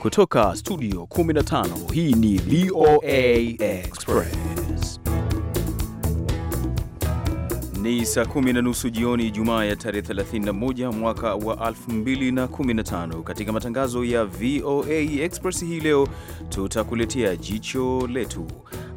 Kutoka studio 15 hii ni VOA Express. Ni saa kumi na nusu jioni jumaa ya tarehe 31 mwaka wa 2015. Katika matangazo ya VOA Express hii leo tutakuletea jicho letu.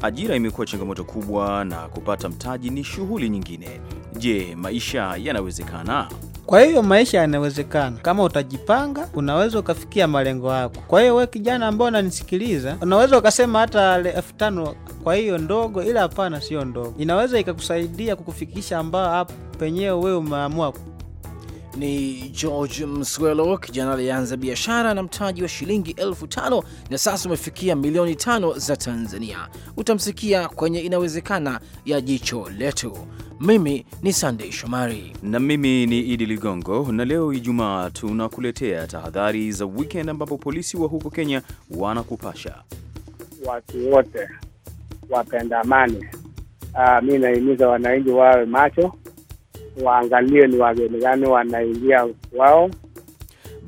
Ajira imekuwa changamoto kubwa na kupata mtaji ni shughuli nyingine. Je, maisha yanawezekana? Kwa hiyo maisha yanawezekana kama utajipanga, unaweza ukafikia malengo yako. Kwa hiyo we kijana ambao unanisikiliza, unaweza ukasema hata elfu tano kwa hiyo ndogo, ila hapana, siyo ndogo, inaweza ikakusaidia kukufikisha ambao hapo penyewe wewe umeamua ni George Mswelo. Kijana alianza biashara na mtaji wa shilingi elfu tano na sasa umefikia milioni tano za Tanzania. Utamsikia kwenye Inawezekana ya Jicho Letu. Mimi ni Sandey Shomari na mimi ni Idi Ligongo, na leo Ijumaa tunakuletea tahadhari za weekend, ambapo polisi wa huko Kenya wanakupasha watu wote wapenda amani. Ah, Mi nahimiza wananchi wawe macho waangalie ni wageni gani wanaingia wao.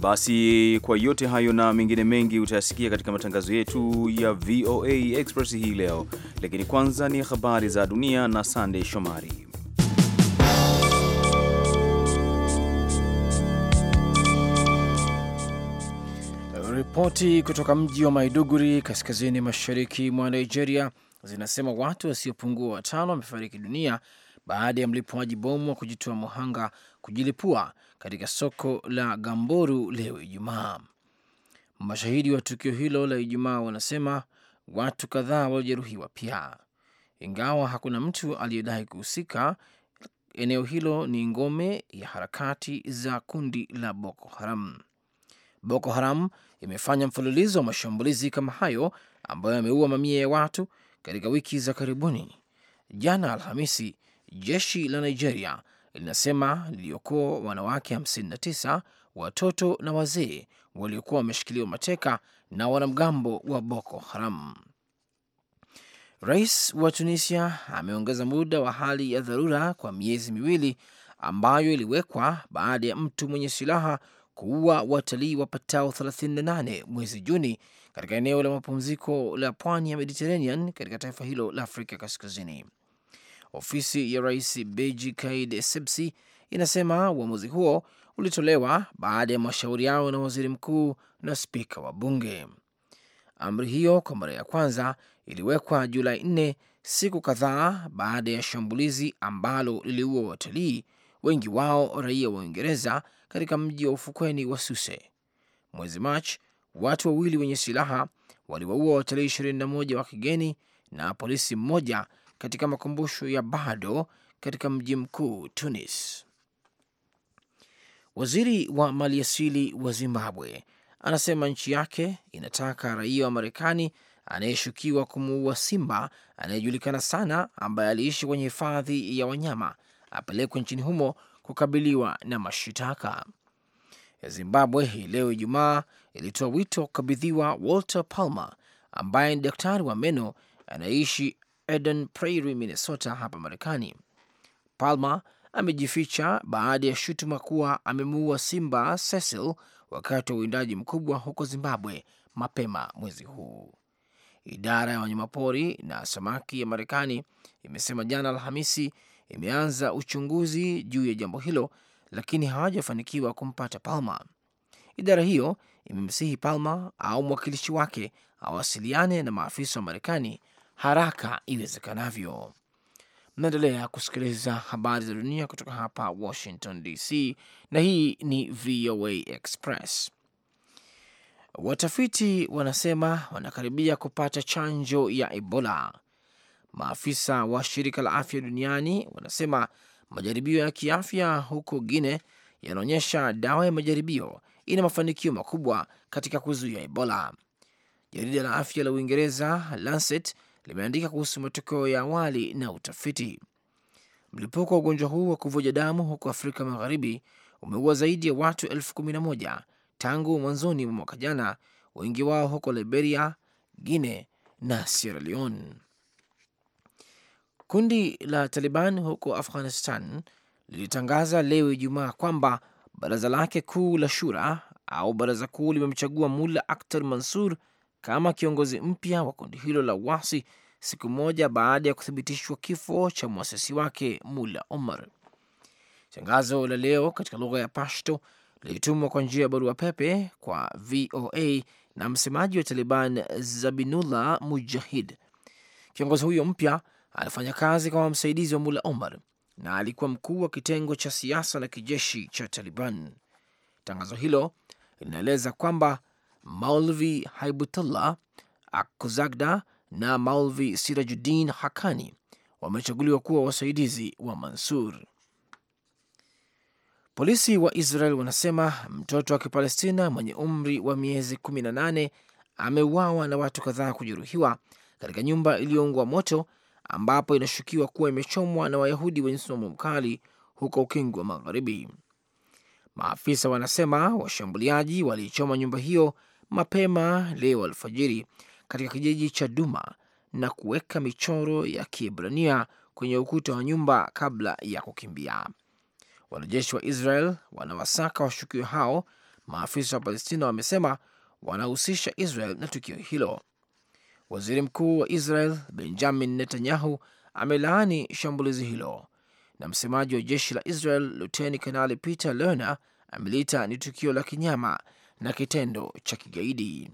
Basi kwa yote hayo na mengine mengi utayasikia katika matangazo yetu ya VOA Express hii leo, lakini kwanza ni habari za dunia na Sandey Shomari. Ripoti kutoka mji wa Maiduguri kaskazini mashariki mwa Nigeria zinasema watu wasiopungua watano wamefariki dunia baada ya mlipuaji bomu wa kujitoa muhanga kujilipua katika soko la Gamboru leo Ijumaa. Mashahidi wa tukio hilo la Ijumaa wanasema watu kadhaa waliojeruhiwa pia. Ingawa hakuna mtu aliyedai kuhusika, eneo hilo ni ngome ya harakati za kundi la Boko Haram. Boko Haram imefanya mfululizo wa mashambulizi kama hayo ambayo yameua mamia ya watu katika wiki za karibuni. Jana Alhamisi, jeshi la Nigeria linasema liliokoa wanawake 59, watoto na wazee waliokuwa wameshikiliwa mateka na wanamgambo wa Boko Haram. Rais wa Tunisia ameongeza muda wa hali ya dharura kwa miezi miwili ambayo iliwekwa baada ya mtu mwenye silaha kuua watalii wapatao 38 mwezi Juni katika eneo la mapumziko la pwani ya Mediterranean katika taifa hilo la Afrika Kaskazini. Ofisi ya rais Beji Kaid Sepsi inasema uamuzi huo ulitolewa baada ya yao na waziri mkuu na spika wa bunge. Amri hiyo kwa mara ya kwanza iliwekwa Julai nne, siku kadhaa baada ya shambulizi ambalo liliua watalii wengi wao raia wa Uingereza katika mji wa ufukweni wa Suse. Mwezi Machi, watu wawili wenye silaha waliwaua watalii 21 wa kigeni na polisi mmoja katika makumbusho ya bado katika mji mkuu Tunis. Waziri wa maliasili wa Zimbabwe anasema nchi yake inataka raia wa Marekani anayeshukiwa kumuua simba anayejulikana sana ambaye aliishi kwenye hifadhi ya wanyama apelekwe nchini humo kukabiliwa na mashitaka. Zimbabwe hii leo Ijumaa ilitoa wito kukabidhiwa Walter Palmer ambaye ni daktari wa meno anayeishi Eden Prairie, Minnesota hapa Marekani. Palmer amejificha baada ya shutuma kuwa amemuua simba Cecil wakati wa uwindaji mkubwa huko Zimbabwe mapema mwezi huu. Idara ya wanyamapori na samaki ya Marekani imesema jana Alhamisi imeanza uchunguzi juu ya jambo hilo, lakini hawajafanikiwa kumpata Palma. Idara hiyo imemsihi Palma au mwakilishi wake awasiliane na maafisa wa Marekani haraka iwezekanavyo. Mnaendelea kusikiliza habari za dunia kutoka hapa Washington DC, na hii ni VOA Express. Watafiti wanasema wanakaribia kupata chanjo ya Ebola. Maafisa wa shirika la afya duniani wanasema majaribio ya kiafya huko Guine yanaonyesha dawa ya majaribio ina mafanikio makubwa katika kuzuia Ebola. Jarida la afya la Uingereza Lancet limeandika kuhusu matokeo ya awali na utafiti. Mlipuko wa ugonjwa huu wa kuvuja damu huko Afrika Magharibi umeua zaidi ya watu elfu kumi na moja tangu mwanzoni mwa mwaka jana, wengi wao huko Liberia, Guine na Sierra Leone. Kundi la Taliban huko Afghanistan lilitangaza leo Ijumaa kwamba baraza lake kuu la shura au baraza kuu limemchagua Mula Akhtar Mansur kama kiongozi mpya wa kundi hilo la uasi siku moja baada ya kuthibitishwa kifo cha mwasisi wake Mula Omar. Tangazo la leo katika lugha ya Pashto lilitumwa kwa njia ya barua pepe kwa VOA na msemaji wa Taliban Zabinullah Mujahid. Kiongozi huyo mpya alifanya kazi kama msaidizi wa Mula Omar na alikuwa mkuu wa kitengo cha siasa na kijeshi cha Taliban. Tangazo hilo linaeleza kwamba Maulvi Haibutullah Akuzagda na Maulvi Sirajuddin Hakani wamechaguliwa kuwa wasaidizi wa Mansur. Polisi wa Israel wanasema mtoto wa Kipalestina mwenye umri wa miezi 18 ameuawa na watu kadhaa kujeruhiwa katika nyumba iliyoungwa moto ambapo inashukiwa kuwa imechomwa na Wayahudi wenye msimamo mkali huko Ukingo wa Magharibi. Maafisa wanasema washambuliaji waliichoma nyumba hiyo mapema leo alfajiri katika kijiji cha Duma na kuweka michoro ya Kiebrania kwenye ukuta wa nyumba kabla ya kukimbia. Wanajeshi wa Israel wanawasaka washukiwa hao. Maafisa wa Palestina wamesema wanahusisha Israel na tukio hilo. Waziri Mkuu wa Israel Benjamin Netanyahu amelaani shambulizi hilo, na msemaji wa jeshi la Israel Luteni Kanali Peter Lerner ameliita ni tukio la kinyama na kitendo cha kigaidi.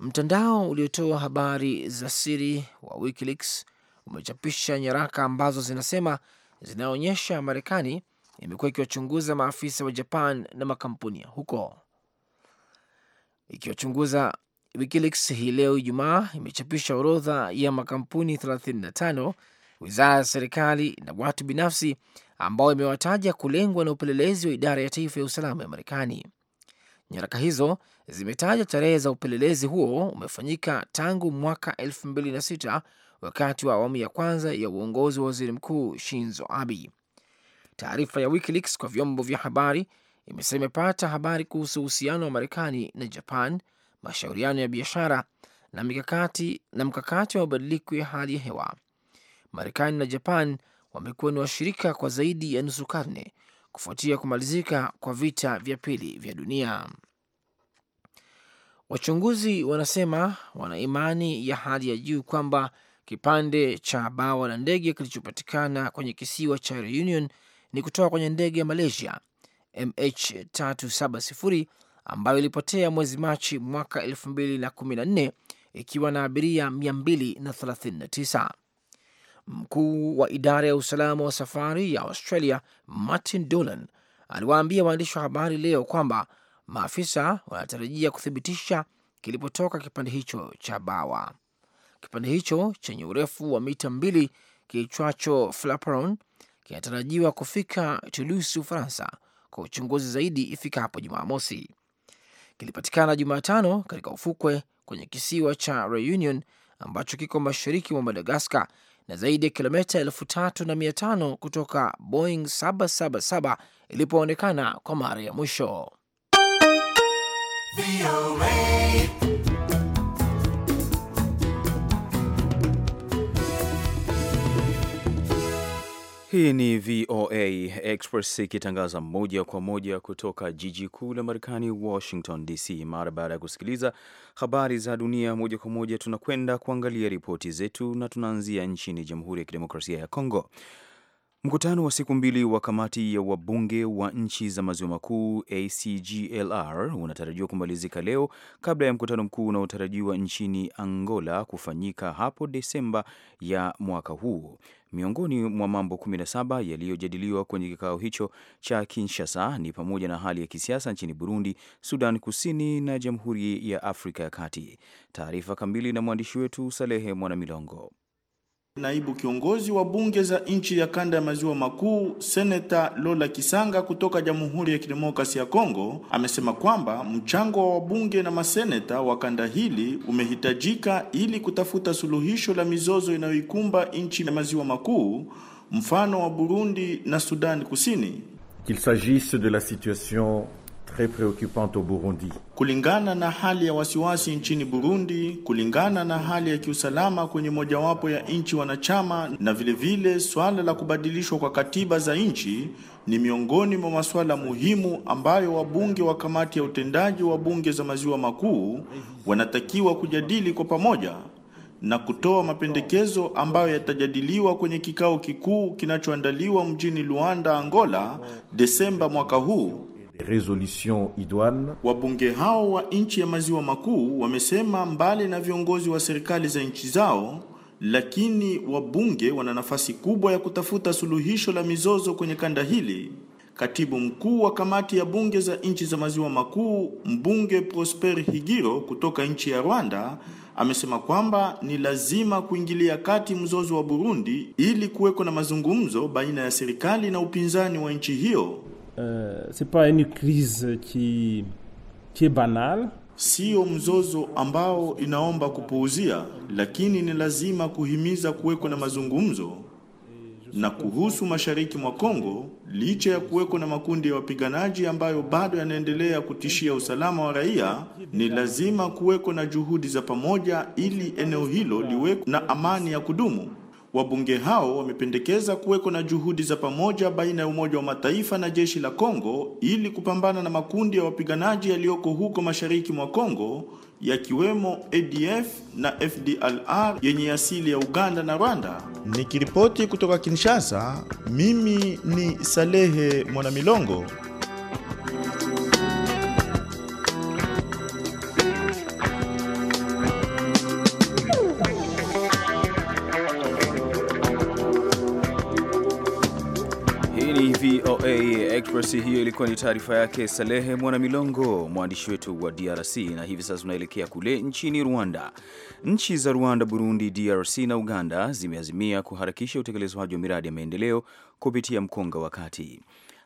Mtandao uliotoa habari za siri wa WikiLeaks umechapisha nyaraka ambazo zinasema zinaonyesha Marekani imekuwa ikiwachunguza maafisa wa Japan na makampuni ya huko ikiwachunguza. WikiLeaks hii leo Ijumaa imechapisha orodha ya makampuni 35, wizara ya serikali na watu binafsi ambao imewataja kulengwa na upelelezi wa idara ya taifa ya usalama ya Marekani. Nyaraka hizo zimetaja tarehe za upelelezi huo umefanyika tangu mwaka 2006 wakati wa awamu ya kwanza ya uongozi wa waziri mkuu Shinzo Abe. Taarifa ya WikiLeaks kwa vyombo vya habari imesema imepata habari kuhusu uhusiano wa Marekani na Japan, mashauriano ya biashara na na mkakati wa mabadiliko ya hali ya hewa. Marekani na Japan wamekuwa ni washirika kwa zaidi ya nusu karne kufuatia kumalizika kwa vita vya pili vya dunia. Wachunguzi wanasema wana imani ya hali ya juu kwamba kipande cha bawa la ndege kilichopatikana kwenye kisiwa cha Reunion ni kutoka kwenye ndege ya Malaysia MH370 ambayo ilipotea mwezi Machi mwaka 2014 ikiwa na abiria 239. Mkuu wa idara ya usalama wa safari ya Australia Martin Dolan aliwaambia waandishi wa habari leo kwamba maafisa wanatarajia kuthibitisha kilipotoka kipande hicho cha bawa. Kipande hicho chenye urefu wa mita mbili kiitwacho flaperon kinatarajiwa kufika Toulouse, Ufaransa, kwa uchunguzi zaidi ifikapo Jumamosi. Kilipatikana Jumatano katika ufukwe kwenye kisiwa cha Reunion ambacho kiko mashariki mwa Madagaskar na zaidi ya kilomita elfu tatu na mia tano kutoka Boeing 777 ilipoonekana kwa mara ya mwisho. Hii ni VOA Express ikitangaza moja kwa moja kutoka jiji kuu la Marekani, Washington DC. Mara baada ya kusikiliza habari za dunia moja kwa moja, tunakwenda kuangalia ripoti zetu na tunaanzia nchini Jamhuri ya Kidemokrasia ya Kongo Mkutano wa siku mbili wa kamati ya wabunge wa nchi za maziwa makuu ACGLR unatarajiwa kumalizika leo kabla ya mkutano mkuu unaotarajiwa nchini Angola kufanyika hapo Desemba ya mwaka huu. Miongoni mwa mambo 17 yaliyojadiliwa kwenye kikao hicho cha Kinshasa ni pamoja na hali ya kisiasa nchini Burundi, Sudan Kusini na Jamhuri ya Afrika ya Kati. Taarifa kamili na mwandishi wetu Salehe Mwanamilongo. Naibu kiongozi wa bunge za nchi ya kanda ya maziwa makuu Seneta Lola Kisanga kutoka Jamhuri ya Kidemokrasi ya Kongo amesema kwamba mchango wa wabunge na maseneta wa kanda hili umehitajika ili kutafuta suluhisho la mizozo inayoikumba nchi ya maziwa makuu, mfano wa Burundi na Sudani Kusini. Qu'il s'agisse de la situation très préoccupante au Burundi. Kulingana na hali ya wasiwasi nchini Burundi, kulingana na hali ya kiusalama kwenye mojawapo ya nchi wanachama na vilevile swala la kubadilishwa kwa katiba za nchi ni miongoni mwa masuala muhimu ambayo wabunge wa kamati ya utendaji wa bunge za maziwa makuu wanatakiwa kujadili kwa pamoja na kutoa mapendekezo ambayo yatajadiliwa kwenye kikao kikuu kinachoandaliwa mjini Luanda, Angola, Desemba mwaka huu resolution idoine. Wabunge hao wa nchi ya maziwa makuu wamesema mbali na viongozi wa serikali za nchi zao, lakini wabunge wana nafasi kubwa ya kutafuta suluhisho la mizozo kwenye kanda hili. Katibu mkuu wa kamati ya bunge za nchi za maziwa makuu, mbunge Prosper Higiro kutoka nchi ya Rwanda amesema kwamba ni lazima kuingilia kati mzozo wa Burundi ili kuweko na mazungumzo baina ya serikali na upinzani wa nchi hiyo uh, c'est pas une crise qui, qui est banale Sio mzozo ambao inaomba kupuuzia, lakini ni lazima kuhimiza kuweko na mazungumzo na kuhusu mashariki mwa Kongo, licha ya kuweko na makundi ya wapiganaji ambayo bado yanaendelea kutishia usalama wa raia, ni lazima kuweko na juhudi za pamoja ili eneo hilo liweko na amani ya kudumu. Wabunge hao wamependekeza kuweko na juhudi za pamoja baina ya Umoja wa Mataifa na jeshi la Kongo ili kupambana na makundi ya wapiganaji yaliyoko huko mashariki mwa Kongo yakiwemo ADF na FDLR yenye asili ya Uganda na Rwanda. Nikiripoti kutoka Kinshasa, mimi ni Salehe Mwanamilongo. Basi hiyo ilikuwa ni taarifa yake Salehe Mwanamilongo, mwandishi wetu wa DRC. Na hivi sasa tunaelekea kule nchini Rwanda. Nchi za Rwanda, Burundi, DRC na Uganda zimeazimia kuharakisha utekelezwaji wa miradi ya maendeleo kupitia mkonga wa kati.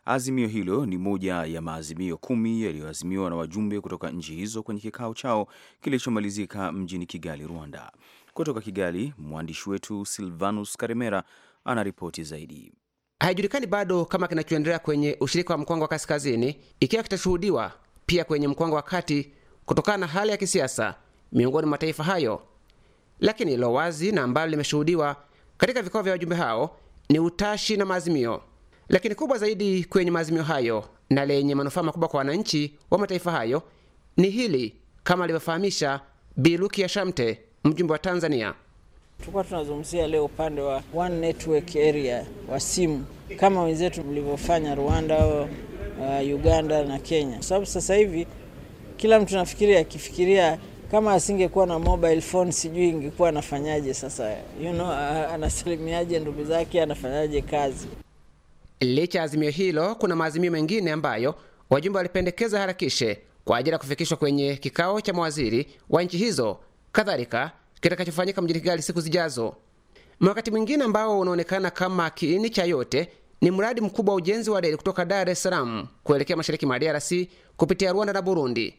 Azimio hilo ni moja ya maazimio kumi yaliyoazimiwa na wajumbe kutoka nchi hizo kwenye kikao chao kilichomalizika mjini Kigali, Rwanda. Kutoka Kigali, mwandishi wetu Silvanus Karemera anaripoti zaidi. Haijulikani bado kama kinachoendelea kwenye ushirika wa mkwango wa Kaskazini ikiwa kitashuhudiwa pia kwenye mkwango wa Kati kutokana na hali ya kisiasa miongoni mwa mataifa hayo, lakini ilo wazi na ambalo limeshuhudiwa katika vikao vya wajumbe hao ni utashi na maazimio, lakini kubwa zaidi kwenye maazimio hayo na lenye manufaa makubwa kwa wananchi wa mataifa hayo ni hili, kama alivyofahamisha Biluki ya Shamte, mjumbe wa Tanzania Tulikuwa tunazungumzia leo upande wa one network area wa simu kama wenzetu mlivyofanya Rwanda, uh, Uganda na Kenya, kwa sababu sasa hivi kila mtu nafikiria akifikiria kama asingekuwa na mobile phone sijui ingekuwa anafanyaje sasa, you know, uh, anasalimiaje ndugu zake, anafanyaje kazi. Licha ya azimio hilo, kuna maazimio mengine ambayo wajumbe walipendekeza harakishe kwa ajili ya kufikishwa kwenye kikao cha mawaziri wa nchi hizo. Kadhalika kitakachofanyika mjini Kigali siku zijazo. Wakati mwingine ambao unaonekana kama kiini cha yote ni mradi mkubwa wa ujenzi wa reli kutoka Dar es Salaam kuelekea mashariki mwa DRC kupitia Rwanda na Burundi.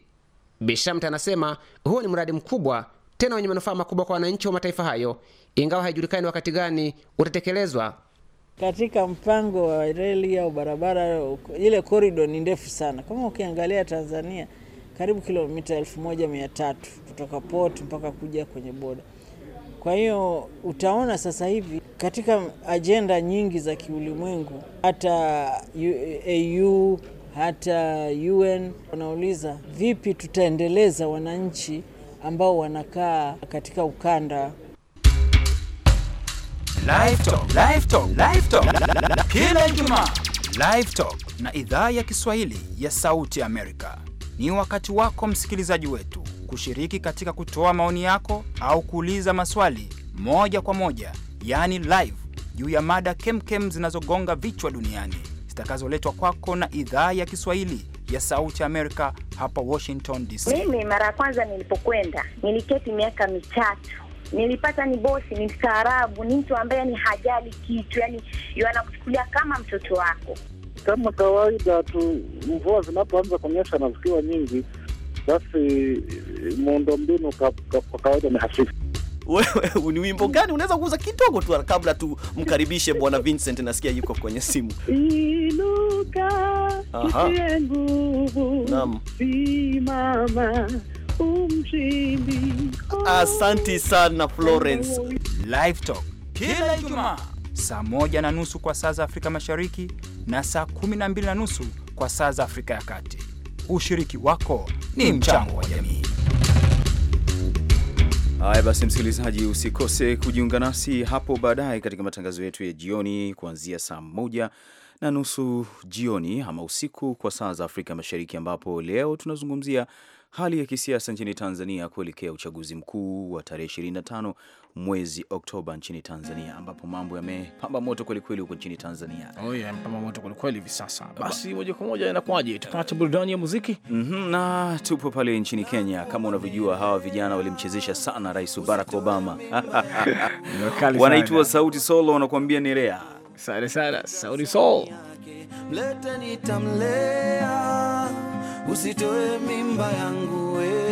bishamt anasema huo ni mradi mkubwa tena wenye manufaa makubwa kwa wananchi wa mataifa hayo, ingawa haijulikani wakati gani utatekelezwa. Katika mpango wa reli au barabara, ile korido ni ndefu sana. Kama ukiangalia Tanzania karibu kilomita tatu kutoka port mpaka kuja kwenye boda. Kwa hiyo utaona sasa hivi katika ajenda nyingi za kiulimwengu, hata AU hata UN wanauliza vipi tutaendeleza wananchi ambao wanakaa katika ukanda. kila Ijumaa. Live Talk na idhaa ya Kiswahili ya Sauti Amerika. Ni wakati wako msikilizaji wetu kushiriki katika kutoa maoni yako au kuuliza maswali moja kwa moja, yani live, juu ya mada kemkem zinazogonga vichwa duniani zitakazoletwa kwako na idhaa ya Kiswahili ya Sauti Amerika hapa Washington DC. Mimi mara ya kwanza nilipokwenda niliketi miaka mitatu nilipata ni bosi, ni mstaarabu, ni mtu ambaye ni hajali kitu, yani yanakuchukulia kama mtoto wako kama kawaida tu, mvua zinapoanza kunyesha na zikiwa nyingi, basi eh, muundombinu kwa kawaida ni hafifu. Wewe ni wimbo gani unaweza kuuza kidogo tu kabla tumkaribishe Bwana Vincent, nasikia yuko kwenye simu. Inuka kitie nguvu, simama umshindi. Asanti sana Florence. Live Talk kila Ijumaa saa moja na nusu kwa saa za Afrika Mashariki na saa 12 na nusu kwa saa za Afrika ya Kati. Ushiriki wako ni mchango wa jamii. Haya basi, msikilizaji, usikose kujiunga nasi hapo baadaye katika matangazo yetu ya jioni kuanzia saa moja na nusu jioni ama usiku kwa saa za Afrika Mashariki, ambapo leo tunazungumzia hali ya kisiasa nchini Tanzania kuelekea uchaguzi mkuu wa tarehe 25 mwezi Oktoba nchini Tanzania, ambapo mambo yamepamba moto kwelikweli huko nchini Tanzania. Oh, yeah, moto kwelikweli hivi sasa. Basi moja kwa moja inakuwaje, tupate burudani ya muziki mm -hmm, na tupo pale nchini Kenya. Kama unavyojua hawa vijana walimchezesha sana Rais Barack Obama wanaitwa Sauti Solo, wanakuambia rea sana sana Sauti Solo mlete nitamlea, usitoe mimba yangu wewe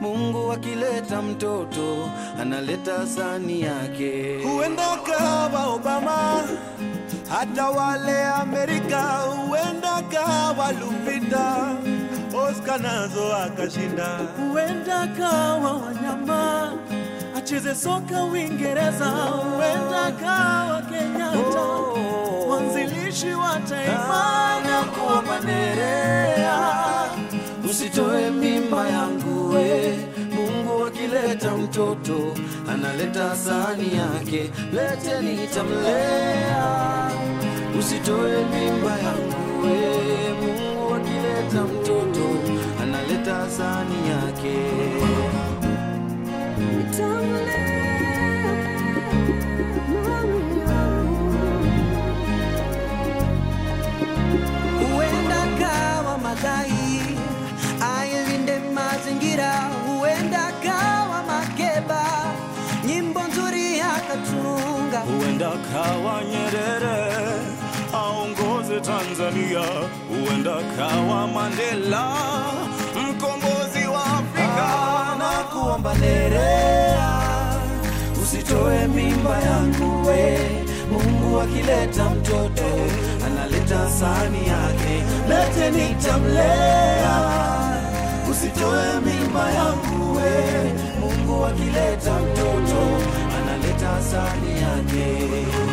Mungu akileta mtoto analeta sani yake. Huenda kawa Obama, hata wale Amerika, huenda kawa Lupita, Oscar nazo akashinda. Huenda kawa wanyama acheze soka Uingereza, huenda kawa Kenyatta oh. mwanzilishi wa taifa na kuwa Mandela Usitoe mimba yangu we Mungu, akileta mtoto analeta sani yake, ni nitamlea. Usitoe mimba yangu we Mungu, akileta mtoto analeta sani yake, nitamlea. akachunga, huenda kawa Nyerere aongoze Tanzania, huenda kawa Mandela mkombozi wa Afrika. Na kuomba nerea, usitoe mimba yangu we Mungu akileta mtoto analeta sani yake, lete nitamlea usitoe mimba yangu we Mungu akileta mtoto insomnia day.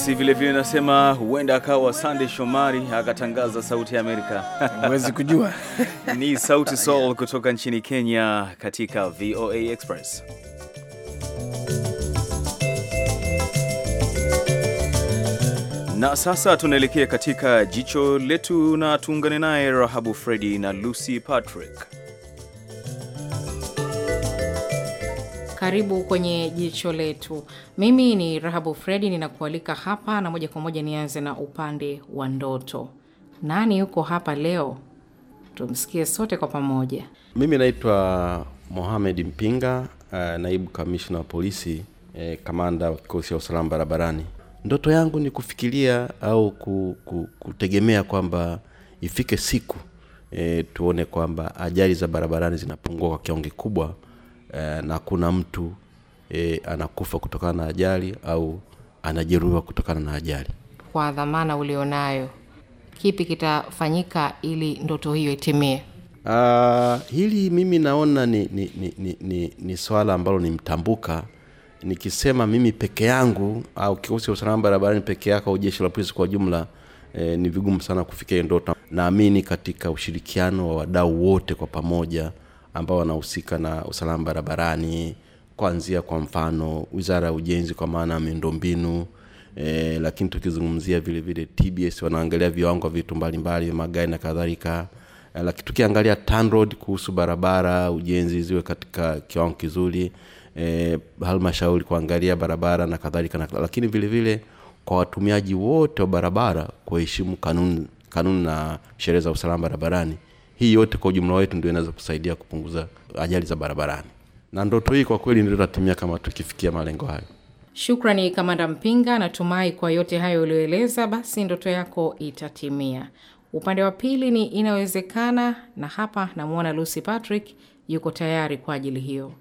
Basi vilevile nasema huenda akawa Sunday Shomari akatangaza Sauti ya Amerika, huwezi kujua ni Sauti Soul kutoka nchini Kenya katika VOA Express. Na sasa tunaelekea katika jicho letu, na tuungane naye Rahabu Fredi na Lucy Patrick. Karibu kwenye jicho letu. Mimi ni Rahabu Fredi, ninakualika hapa na moja kwa moja. Nianze na upande wa ndoto. Nani yuko hapa leo? Tumsikie sote kwa pamoja. Mimi naitwa Mohamed Mpinga, eh, naibu kamishna wa polisi, eh, kamanda wa kikosi cha usalama barabarani. Ndoto yangu ni kufikiria au ku, ku, kutegemea kwamba ifike siku eh, tuone kwamba ajali za barabarani zinapungua kwa kiwango kikubwa eh, na kuna mtu eh, anakufa kutokana na ajali au anajeruhiwa kutokana na ajali. Kwa dhamana ulionayo, kipi kitafanyika ili ndoto hiyo itimie? Uh, hili mimi naona ni, ni, ni, ni, ni, ni swala ambalo ni mtambuka. Nikisema mimi peke yangu au kikosi cha usalama barabarani peke yako au jeshi la polisi kwa jumla eh, ni vigumu sana kufikia ndoto. Naamini katika ushirikiano wa wadau wote kwa pamoja ambao wanahusika na usalama barabarani kuanzia kwa mfano wizara ya ujenzi kwa maana ya miundombinu e, lakini tukizungumzia vile vile tbs wanaangalia viwango vya vitu mbalimbali vya magari na kadhalika e, lakini tukiangalia tanroad kuhusu barabara ujenzi ziwe katika kiwango kizuri e, halmashauri kuangalia barabara na kadhalika lakini vile vile kwa watumiaji wote wa barabara kuheshimu kanuni kanuni na sheria za usalama barabarani hii yote kwa ujumla wetu ndio inaweza kusaidia kupunguza ajali za barabarani, na ndoto hii kwa kweli ndio tatimia kama tukifikia malengo hayo. Shukrani Kamanda Mpinga, natumai kwa yote hayo ulioeleza, basi ndoto yako itatimia. Upande wa pili ni inawezekana, na hapa namwona Lucy Patrick yuko tayari kwa ajili hiyo.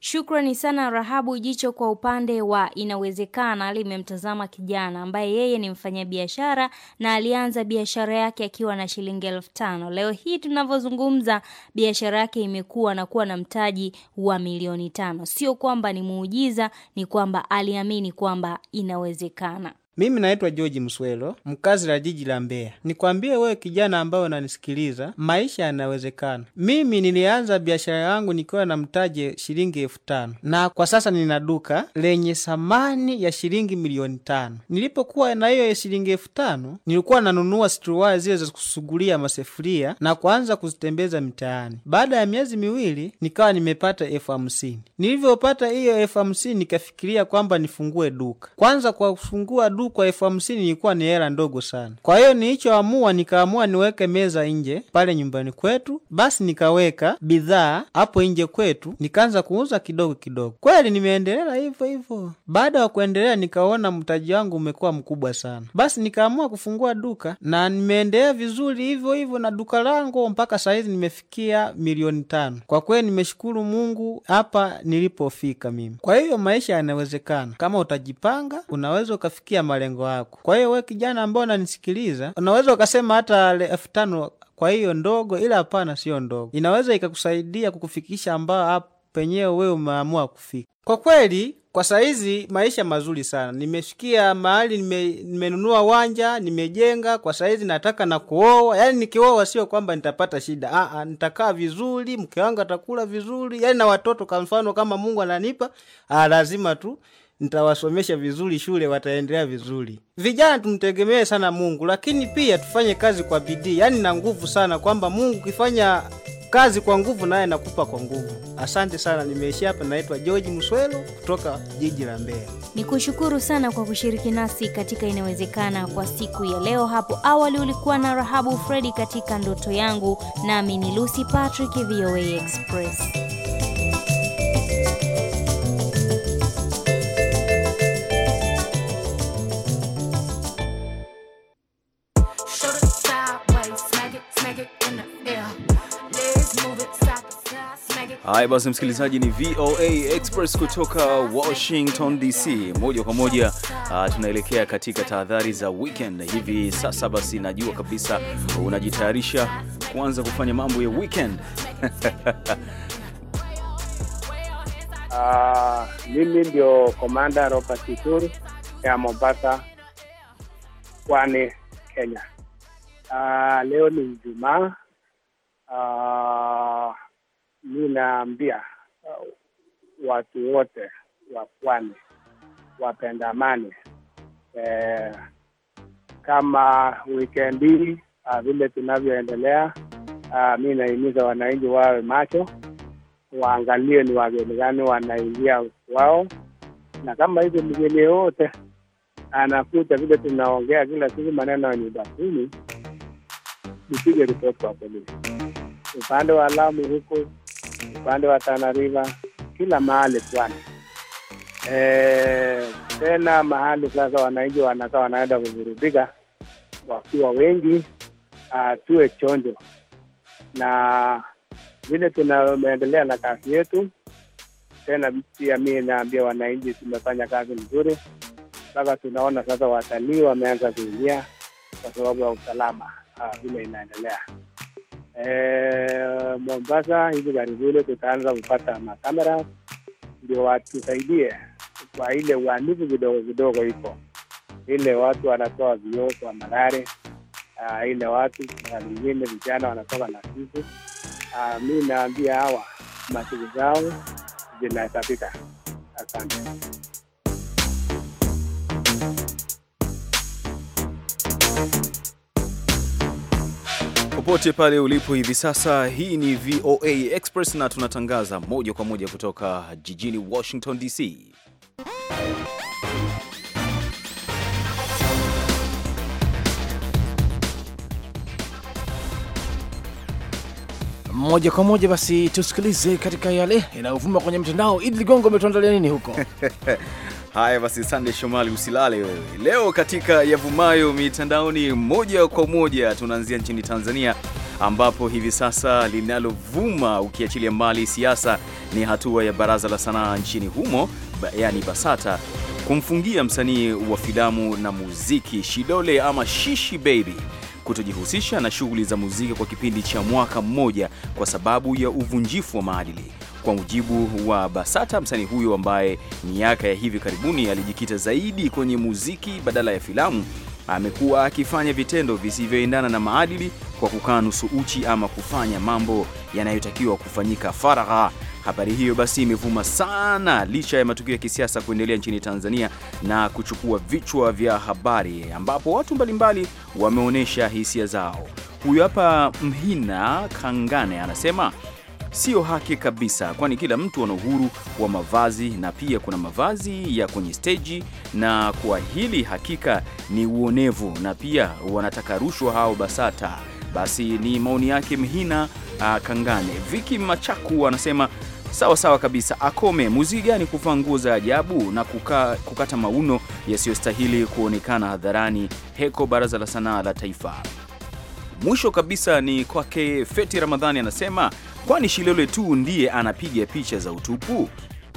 Shukrani sana Rahabu. Jicho kwa upande wa inawezekana limemtazama kijana ambaye yeye ni mfanyabiashara na alianza biashara yake akiwa na shilingi elfu tano. Leo hii tunavyozungumza, biashara yake imekuwa na kuwa na mtaji wa milioni tano. Sio kwamba ni muujiza, ni kwamba aliamini kwamba inawezekana. Mimi naitwa George Mswelo, mkazi la jiji la Mbeya. Nikwambie wewe kijana ambaye unanisikiliza, maisha yanawezekana. Mimi nilianza biashara yangu nikiwa na mtaji shilingi elfu tano na kwa sasa nina duka lenye thamani ya shilingi milioni tano. Nilipokuwa na hiyo shilingi elfu tano nilikuwa nanunua struwaya zile za kusugulia masefuria na kuanza kuzitembeza mitaani. Baada ya miezi miwili nikawa nimepata elfu hamsini. Nilivyopata hiyo elfu hamsini nikafikiria kwamba nifungue duka kwanza. Kwa kufungua duka kwa elfu hamsini ilikuwa ni hela ndogo sana. Kwa hiyo nilichoamua, nikaamua niweke meza nje pale nyumbani kwetu, basi nikaweka bidhaa hapo nje kwetu, nikaanza kuuza kidogo kidogo. Kweli nimeendelea hivyo hivyo. Baada ya kuendelea, nikaona mtaji wangu umekuwa mkubwa sana, basi nikaamua kufungua duka na nimeendelea vizuri hivyo hivyo, na duka langu mpaka saizi nimefikia milioni tano. Kwa kweli nimeshukuru Mungu hapa nilipofika mimi. Kwa hiyo maisha yanawezekana kama utajipanga, unaweza ukafikia malengo yako. Kwa hiyo we kijana ambao unanisikiliza, unaweza ukasema hata elfu tano kwa hiyo ndogo, ila hapana, siyo ndogo, inaweza ikakusaidia kukufikisha ambao hapo penyewe wewe umeamua kufika. Kwa kweli kwa saizi maisha mazuri sana, nimefikia mahali nimenunua nime wanja, nimejenga. Kwa saizi nataka na kuoa, yani nikioa sio kwamba nitapata shida, aa, nitakaa vizuri, mke wangu atakula vizuri, yani na watoto, kwa mfano kama Mungu ananipa, lazima tu ntawasomesha vizuri shule, wataendelea vizuri. Vijana tumtegemee sana Mungu, lakini pia tufanye kazi kwa bidii, yani na nguvu sana, kwamba Mungu kifanya kazi kwa nguvu, naye nakupa kwa nguvu. Asante sana, nimeishia hapa. Naitwa George Muswelo kutoka jiji la Mbeya. Ni kushukuru sana kwa kushiriki nasi katika Inawezekana kwa siku ya leo. Hapo awali ulikuwa na Rahabu Fredi katika Ndoto Yangu, nami ni Lucy Patrick, VOA Express. Haya basi, msikilizaji, ni VOA Express kutoka Washington DC, moja kwa moja uh, tunaelekea katika tahadhari za weekend hivi sasa. Basi najua kabisa unajitayarisha kuanza kufanya mambo ya weekend uh, mimi ndio komanda Robert Kitur ya Mombasa, pwani Kenya. Uh, leo ni Ijumaa uh, ninaambia uh, watu wote wa pwani wapendamane, eh, kama weekend hii uh, vile tunavyoendelea uh, mi naimiza wananchi wawe macho, waangalie ni wageni gani wanaingia wao, na kama hivi mgeni yoyote anakuta vile tunaongea kila siku maneno ya nyumba kumi, nipige ripoti kwa polisi upande wa Lamu huku, upande wa Tana River, kila mahali pwani e, tena mahali sasa wananchi wanakaa wanaenda kuvurudika wakiwa wengi. atuwe ah, tuwe chonjo na vile tunameendelea na kazi yetu. Tena pia mi naambia wananchi tumefanya kazi nzuri, mpaka tunaona sasa watalii wameanza kuingia kwa sababu ya usalama ah, vile inaendelea eh, Mombasa hivi karibuni tutaanza kupata makamera ndio watusaidie kwa ile uhalifu vidogo vidogo iko ile watu wanatoa vioo kwa malare uh, ah, ile watu mara nyingine vijana wanatoka na sisi uh, mi naambia hawa masiku zao zinahesabika. Asante. popote pale ulipo hivi sasa. Hii ni VOA Express na tunatangaza moja kwa moja kutoka jijini Washington DC. moja kwa moja basi tusikilize katika yale yanayovuma kwenye mitandao. Idi Ligongo, umetuandalia nini huko? Haya basi, Sande Shomali, usilale wewe. Leo katika yavumayo mitandaoni, moja kwa moja tunaanzia nchini Tanzania ambapo hivi sasa linalovuma ukiachilia mbali siasa ni hatua ya Baraza la Sanaa nchini humo, yani BASATA kumfungia msanii wa filamu na muziki Shidole ama Shishi Baby kutojihusisha na shughuli za muziki kwa kipindi cha mwaka mmoja kwa sababu ya uvunjifu wa maadili. Kwa mujibu wa Basata, msanii huyo ambaye miaka ya hivi karibuni alijikita zaidi kwenye muziki badala ya filamu, amekuwa akifanya vitendo visivyoendana na maadili kwa kukaa nusu uchi ama kufanya mambo yanayotakiwa kufanyika faragha Habari hiyo basi imevuma sana licha ya matukio ya kisiasa kuendelea nchini Tanzania na kuchukua vichwa vya habari, ambapo watu mbalimbali wameonyesha hisia zao. Huyu hapa Mhina Kangane anasema Sio haki kabisa, kwani kila mtu ana uhuru wa mavazi na pia kuna mavazi ya kwenye steji, na kwa hili hakika ni uonevu, na pia wanataka rushwa hao BASATA. Basi ni maoni yake Mhina ah, Kangane. Viki Machaku anasema Sawa sawa kabisa. Akome, muziki gani kuvaa nguo za ajabu na kuka, kukata mauno yasiyostahili kuonekana hadharani? Heko, Baraza la Sanaa la Taifa. Mwisho kabisa ni kwake Feti Ramadhani, anasema kwani Shilole tu ndiye anapiga picha za utupu?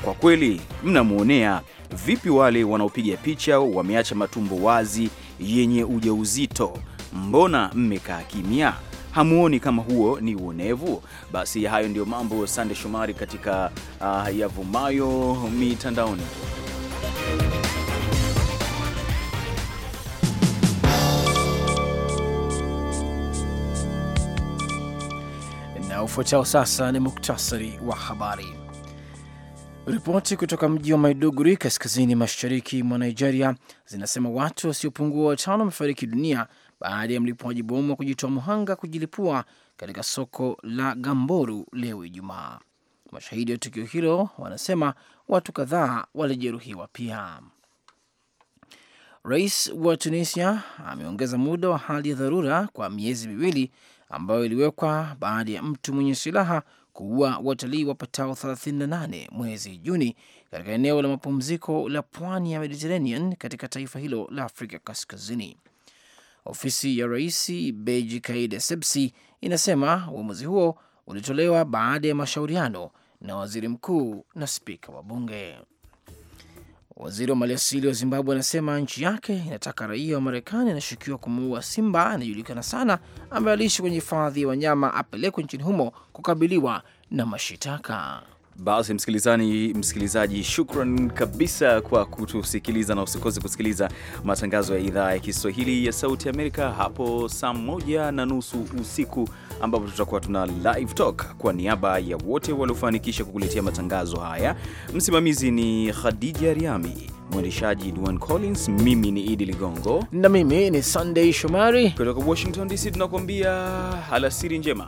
Kwa kweli mnamwonea vipi wale wanaopiga picha wameacha matumbo wazi yenye ujauzito? Mbona mmekaa kimya? hamuoni kama huo ni uonevu? Basi hayo ndio mambo, Sande Shomari, katika uh, yavumayo mitandaoni. Na ufuatao sasa ni muktasari wa habari. Ripoti kutoka mji wa Maiduguri kaskazini mashariki mwa Nigeria zinasema watu wasiopungua watano wamefariki dunia baada ya mlipuaji bomu wa kujitoa muhanga kujilipua katika soko la Gamboru leo Ijumaa. Mashahidi wa tukio hilo wanasema watu kadhaa walijeruhiwa pia. Rais wa Tunisia ameongeza muda wa hali ya dharura kwa miezi miwili ambayo iliwekwa baada ya mtu mwenye silaha kuua watalii wapatao 38 mwezi Juni katika eneo la mapumziko la pwani ya Mediterranean katika taifa hilo la Afrika Kaskazini. Ofisi ya rais Beji Kaida Sebsi inasema uamuzi huo ulitolewa baada ya mashauriano na waziri mkuu na spika wa bunge. Waziri wa maliasili wa Zimbabwe anasema nchi yake inataka raia wa Marekani anashukiwa kumuua simba anayejulikana sana ambaye aliishi kwenye hifadhi ya wanyama apelekwe nchini humo kukabiliwa na mashitaka. Basi msikilizani, msikilizaji, shukran kabisa kwa kutusikiliza na usikose kusikiliza matangazo ya idhaa ya Kiswahili ya Sauti Amerika hapo saa moja na nusu usiku ambapo tutakuwa tuna live talk. Kwa niaba ya wote waliofanikisha kukuletea matangazo haya, msimamizi ni Khadija Riami, mwendeshaji duan Collins, mimi ni Idi Ligongo na mimi ni Sunday Shomari kutoka Washington DC, tunakuambia alasiri njema.